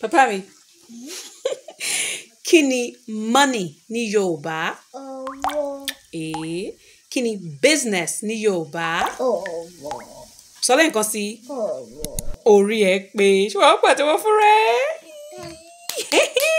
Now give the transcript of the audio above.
Papa mi kí ni money ní Yorùbá owó èé eh, kí ni business ní Yorùbá owó sọlẹ nǹkan sí owó orí ẹ pé ṣùgbọ́n pàtẹ́wọ́ fún rẹ.